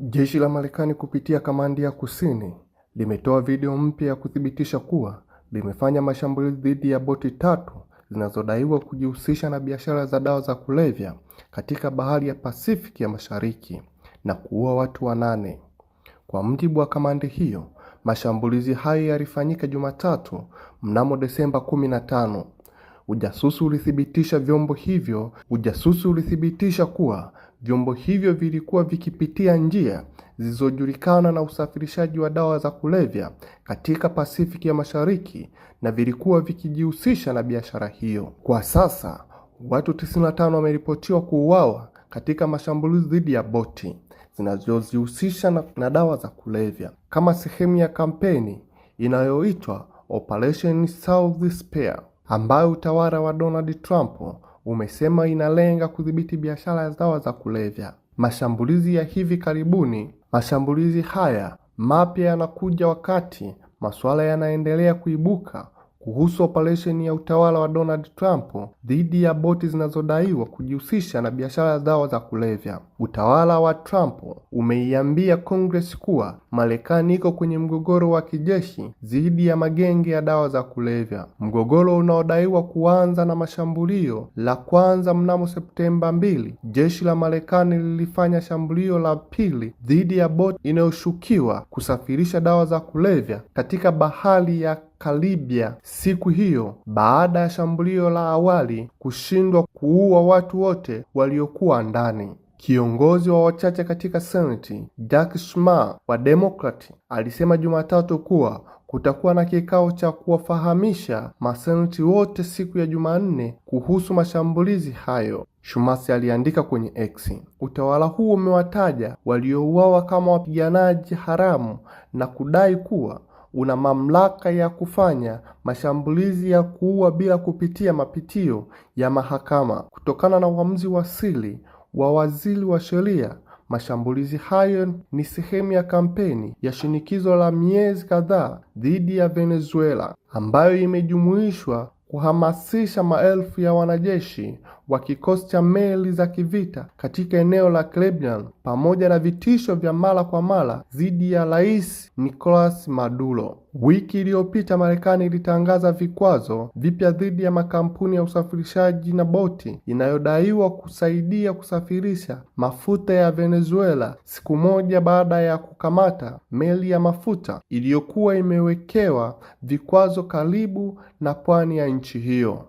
Jeshi la Marekani kupitia kamandi ya Kusini limetoa video mpya ya kuthibitisha kuwa limefanya mashambulizi dhidi ya boti tatu zinazodaiwa kujihusisha na biashara za dawa za kulevya katika bahari ya Pasifiki ya Mashariki na kuua watu wanane. Kwa mujibu wa kamandi hiyo, Mashambulizi hayo yalifanyika Jumatatu mnamo Desemba 15. Ujasusi ulithibitisha vyombo hivyo ujasusi ulithibitisha kuwa vyombo hivyo vilikuwa vikipitia njia zilizojulikana na usafirishaji wa dawa za kulevya katika Pasifiki ya Mashariki na vilikuwa vikijihusisha na biashara hiyo. Kwa sasa watu 95 wameripotiwa kuuawa katika mashambulizi dhidi ya boti zinazojihusisha na, na dawa za kulevya kama sehemu ya kampeni inayoitwa Operation South Spear ambayo utawala wa Donald Trump umesema inalenga kudhibiti biashara ya dawa za kulevya. Mashambulizi ya hivi karibuni. Mashambulizi haya mapya yanakuja wakati masuala yanaendelea kuibuka kuhusu operesheni ya utawala wa Donald Trump dhidi ya boti zinazodaiwa kujihusisha na biashara dawa za kulevya. Utawala wa Trump umeiambia Congress kuwa Marekani iko kwenye mgogoro wa kijeshi dhidi ya magenge ya dawa za kulevya, mgogoro unaodaiwa kuanza na mashambulio la kwanza mnamo Septemba mbili. Jeshi la Marekani lilifanya shambulio la pili dhidi ya boti inayoshukiwa kusafirisha dawa za kulevya katika bahari ya Karibia siku hiyo baada ya shambulio la awali kushindwa kuua watu wote waliokuwa ndani. Kiongozi wa wachache katika Seneti, Jack Schumer wa Demokrati, alisema Jumatatu kuwa kutakuwa na kikao cha kuwafahamisha maseneti wote siku ya Jumanne kuhusu mashambulizi hayo. Shumasi aliandika kwenye X, utawala huo umewataja waliouawa kama wapiganaji haramu na kudai kuwa una mamlaka ya kufanya mashambulizi ya kuua bila kupitia mapitio ya mahakama. Kutokana na uamuzi wa siri wa waziri wa sheria, mashambulizi hayo ni sehemu ya kampeni ya shinikizo la miezi kadhaa dhidi ya Venezuela ambayo imejumuishwa kuhamasisha maelfu ya wanajeshi wa kikosi cha meli za kivita katika eneo la Cleveland pamoja na vitisho vya mara kwa mara dhidi ya Rais Nicolas Maduro. Wiki iliyopita Marekani ilitangaza vikwazo vipya dhidi ya makampuni ya usafirishaji na boti inayodaiwa kusaidia kusafirisha mafuta ya Venezuela, siku moja baada ya kukamata meli ya mafuta iliyokuwa imewekewa vikwazo karibu na pwani ya nchi hiyo.